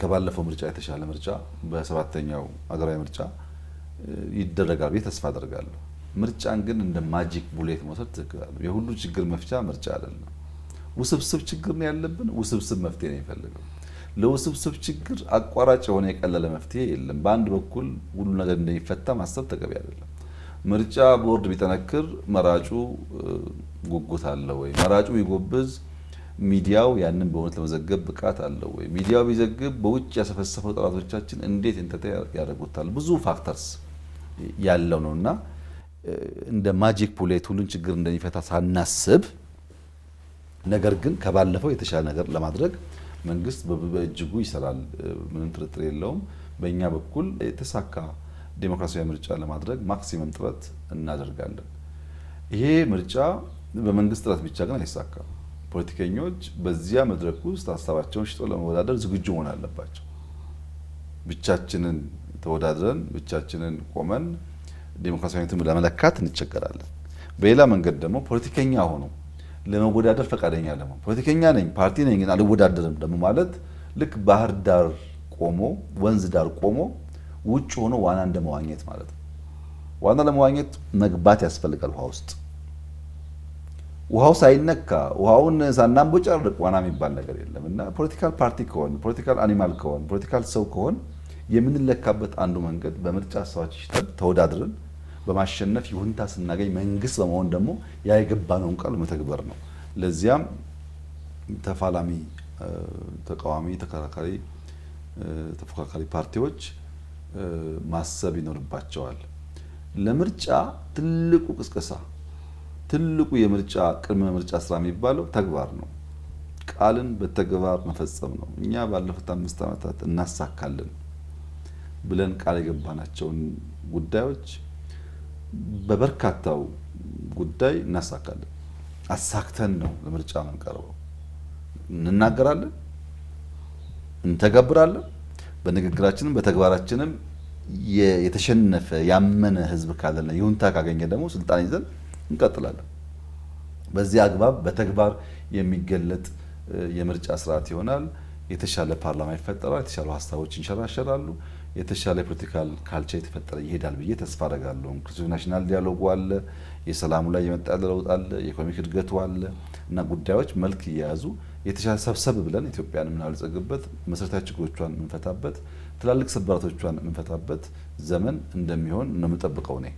ከባለፈው ምርጫ የተሻለ ምርጫ በሰባተኛው ሀገራዊ ምርጫ ይደረጋል ብዬ ተስፋ አደርጋለሁ። ምርጫን ግን እንደ ማጂክ ቡሌት መውሰድ ትክክል የሁሉ ችግር መፍቻ ምርጫ አይደለም። ውስብስብ ችግር ነው ያለብን፣ ውስብስብ መፍትሄ ነው የሚፈልገው። ለውስብስብ ችግር አቋራጭ የሆነ የቀለለ መፍትሄ የለም። በአንድ በኩል ሁሉ ነገር እንደሚፈታ ማሰብ ተገቢ አይደለም። ምርጫ ቦርድ ቢጠነክር መራጩ ጉጉት አለ ወይ? መራጩ ቢጎብዝ ሚዲያው ያንን በእውነት ለመዘገብ ብቃት አለው ወይ? ሚዲያው ቢዘግብ በውጭ ያሰፈሰፈው ጠላቶቻችን እንዴት እንተተ ያደርጉታል? ብዙ ፋክተርስ ያለው ነው እና እንደ ማጂክ ፑሌት ሁሉን ችግር እንደሚፈታ ሳናስብ፣ ነገር ግን ከባለፈው የተሻለ ነገር ለማድረግ መንግስት በእጅጉ ይሰራል፣ ምንም ጥርጥር የለውም። በእኛ በኩል የተሳካ ዴሞክራሲያዊ ምርጫ ለማድረግ ማክሲመም ጥረት እናደርጋለን። ይሄ ምርጫ በመንግስት ጥረት ብቻ ግን አይሳካም። ፖለቲከኞች በዚያ መድረክ ውስጥ ሀሳባቸውን ሽጦ ለመወዳደር ዝግጁ መሆን አለባቸው። ብቻችንን ተወዳድረን ብቻችንን ቆመን ዴሞክራሲያዊነትን ለመለካት እንቸገራለን። በሌላ መንገድ ደግሞ ፖለቲከኛ ሆኖ ለመወዳደር ፈቃደኛ ለመሆን ፖለቲከኛ ነኝ ፓርቲ ነኝ ግን አልወዳደርም ደግሞ ማለት ልክ ባህር ዳር ቆሞ ወንዝ ዳር ቆሞ ውጭ ሆኖ ዋና እንደመዋኘት ማለት ነው። ዋና ለመዋኘት መግባት ያስፈልጋል ውሃ ውስጥ ውሃው ሳይነካ ውሃውን ሳናንቦጫርቅ ዋና የሚባል ነገር የለም እና ፖለቲካል ፓርቲ ከሆን ፖለቲካል አኒማል ከሆን ፖለቲካል ሰው ከሆን የምንለካበት አንዱ መንገድ በምርጫ ሰዎች ሽጠን ተወዳድርን በማሸነፍ ይሁንታ ስናገኝ መንግስት በመሆን ደግሞ ያ ቃል መተግበር ነው። ለዚያም ተፋላሚ፣ ተቃዋሚ፣ ተከራካሪ፣ ተፎካካሪ ፓርቲዎች ማሰብ ይኖርባቸዋል። ለምርጫ ትልቁ ቅስቀሳ ትልቁ የምርጫ ቅድመ ምርጫ ስራ የሚባለው ተግባር ነው። ቃልን በተግባር መፈጸም ነው። እኛ ባለፉት አምስት ዓመታት እናሳካለን ብለን ቃል የገባናቸውን ጉዳዮች በበርካታው ጉዳይ እናሳካለን። አሳክተን ነው ለምርጫ የምንቀርበው። እንናገራለን፣ እንተገብራለን። በንግግራችንም በተግባራችንም የተሸነፈ ያመነ ህዝብ ካለና ይሁንታ ካገኘ ደግሞ ስልጣን ይዘን እንቀጥላለን። በዚህ አግባብ በተግባር የሚገለጥ የምርጫ ስርዓት ይሆናል። የተሻለ ፓርላማ ይፈጠራል። የተሻሉ ሀሳቦች ይንሸራሸራሉ። የተሻለ የፖለቲካል ካልቸር የተፈጠረ ይሄዳል ብዬ ተስፋ አደርጋለሁ። ኢንክሉሲቭ ናሽናል ዲያሎጉ አለ፣ የሰላሙ ላይ የመጣ ያለ ለውጥ አለ፣ የኢኮኖሚክ እድገቱ አለ እና ጉዳዮች መልክ እየያዙ የተሻለ ሰብሰብ ብለን ኢትዮጵያን የምናበለጽግበት መሰረታዊ ችግሮቿን የምንፈታበት ትላልቅ ስብራቶቿን የምንፈታበት ዘመን እንደሚሆን ነው የምጠብቀው እኔ።